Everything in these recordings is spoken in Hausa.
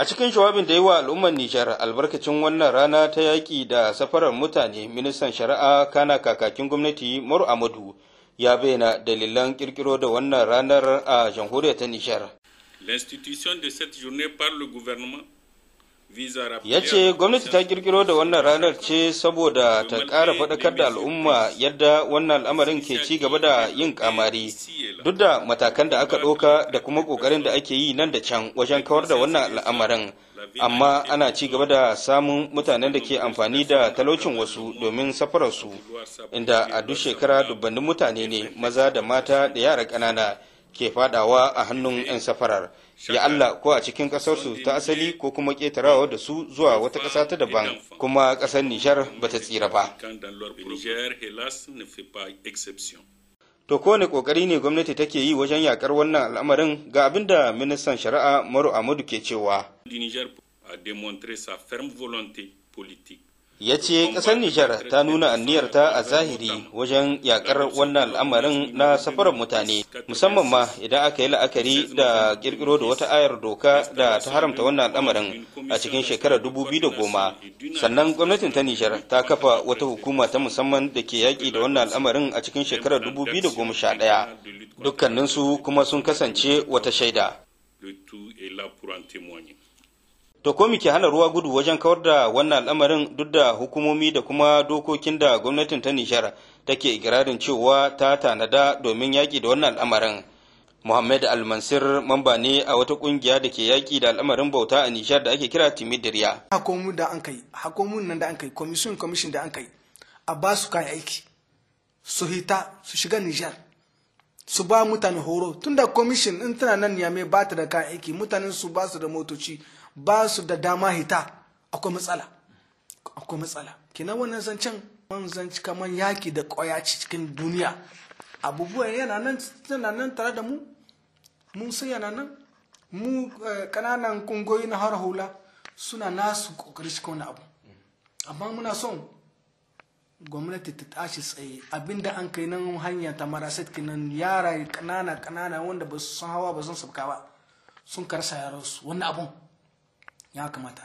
A cikin jawabin da yi wa al'ummar Nijar albarkacin wannan rana ta yaƙi da safarar mutane, ministan shari'a kana kakakin gwamnati Mor Amadu ya bayyana dalilan kirkiro da wannan ranar a jamhuriyar ta Nijar. ya ce gwamnati ta kirkiro da wannan ranar ce saboda ta ƙara faɗakar da al'umma yadda wannan al'amarin ke ci gaba da yin kamari duk da matakan da aka ɗauka da kuma ƙoƙarin da ake yi nan da can wajen kawar da wannan al'amarin amma ana ci gaba da samun mutanen da ke amfani da talaucin wasu domin safararsu inda a duk shekara dubbannin mutane ne maza da mata da yara ƙanana ke fadawa a hannun 'yan safarar ya Allah ko a cikin ƙasarsu ta asali ko kuma ƙetarawa da su zuwa wata ƙasa ta daban kuma ƙasar Nijar ba ta tsira ba. To kowane kokari ne gwamnati take yi wajen yakar wannan al'amarin ga abin da ministan shari'a Maru Amadu ke cewa. Niger a démontré sa ferme volonté politique ya ce ƙasar nijar ta nuna anniyarta a zahiri wajen yakar wannan al'amarin na safarar mutane musamman ma idan aka yi la'akari da kirkiro da wata ayar doka da ta haramta wannan al'amarin a cikin shekarar goma sannan gwamnatin ta nijar ta kafa wata hukuma ta musamman da ke yaƙi da wannan al'amarin a cikin shekarar ɗaya dukkaninsu kuma sun kasance wata shaida To ko muke hana ruwa gudu wajen kawar da wannan al'amarin duk da hukumomi da kuma dokokin da gwamnatin ta Nijar take ikirarin cewa ta tanada domin yaƙi da wannan al'amarin. Muhammad Almansir mamba ne a wata kungiya da ke yaƙi da al'amarin bauta a Nijar da ake kira Timidiriya. Hakomun da an kai, hakomun nan da an kai, commission commission da an kai, a ba su kayan aiki, su hita, su shiga Nijar, su ba mutane horo, tunda commission in tana nan Niamey ba ta da kayan aiki, mutanen su ba su da motoci, ba su da dama hita akwai matsala akwai matsala kina wannan zancen man zanci kaman yaki da ƙwayaci cikin duniya abubuwa yana nan tare da mu mun san yana nan mu kananan eh, kungoyi na har hula suna nasu kokari cikin wani abu amma muna son gwamnati ta tashi tsaye abinda an kai nan hanya ta marasa kinan yara kanana kanana wanda ba su san hawa ba sun sabka ba sun karsa yaransu wani abun ya kamata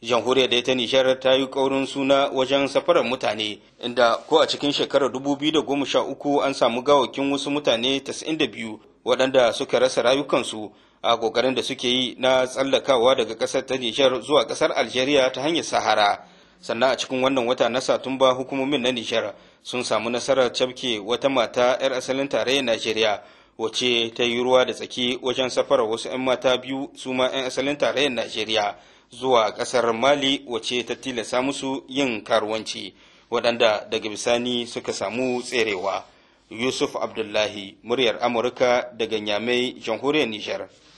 shi jamhuriyar da ta nijar ta yi kaurin suna wajen safarar mutane inda ko a cikin shekarar 2013 an samu gawakin wasu mutane 92 waɗanda suka rasa rayukansu a ƙoƙarin da suke yi na tsallakawa daga ƙasar ta nijar zuwa ƙasar algeria ta hanyar sahara sannan a cikin wannan wata na satumba hukumomin na nijar sun samu nasarar cafke wata mata 'yar asalin tarayyar najeriya wace ta yi ruwa da tsaki wajen safarar wasu 'yan mata biyu su ma 'yan asalin tarayyar najeriya zuwa kasar mali wace ta tilasta musu yin karuwanci waɗanda daga bisani suka samu tserewa yusuf abdullahi muryar amurka daga nyamai jamhuriyar nijar